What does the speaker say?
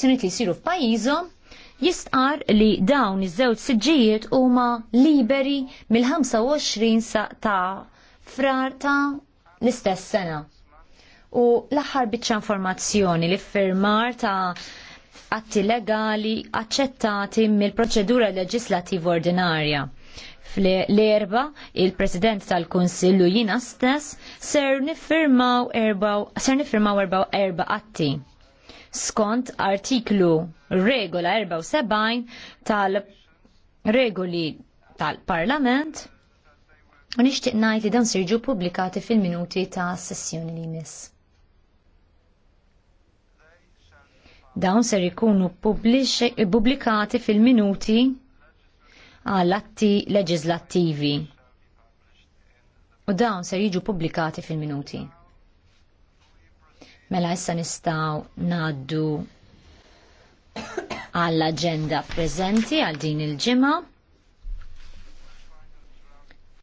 sinit li jsiru f'pajjiżhom jistqar li dawn iż-żewġ siġġijiet huma liberi mill-25 sa ta' frar ta' l-istess sena. U l-aħħar biċċa informazzjoni li firmar ta' atti legali aċċettati mill-proċedura leġislativa ordinarja. Fl-erba, il-President tal-Konsillu jina stess ser nifirmaw erba, ser nifirmaw erba, erba atti skont artiklu regola 74 tal-regoli tal-Parlament u nixtieq ngħid li dawn sirġu publikati fil-minuti ta' sessjoni li jmiss. Dawn ser ikunu publikati fil-minuti għall atti leġislattivi u dawn ser jiġu pubblikati fil-minuti. Mela issa nistaw naddu għall-agenda prezenti għal din il-ġimgħa.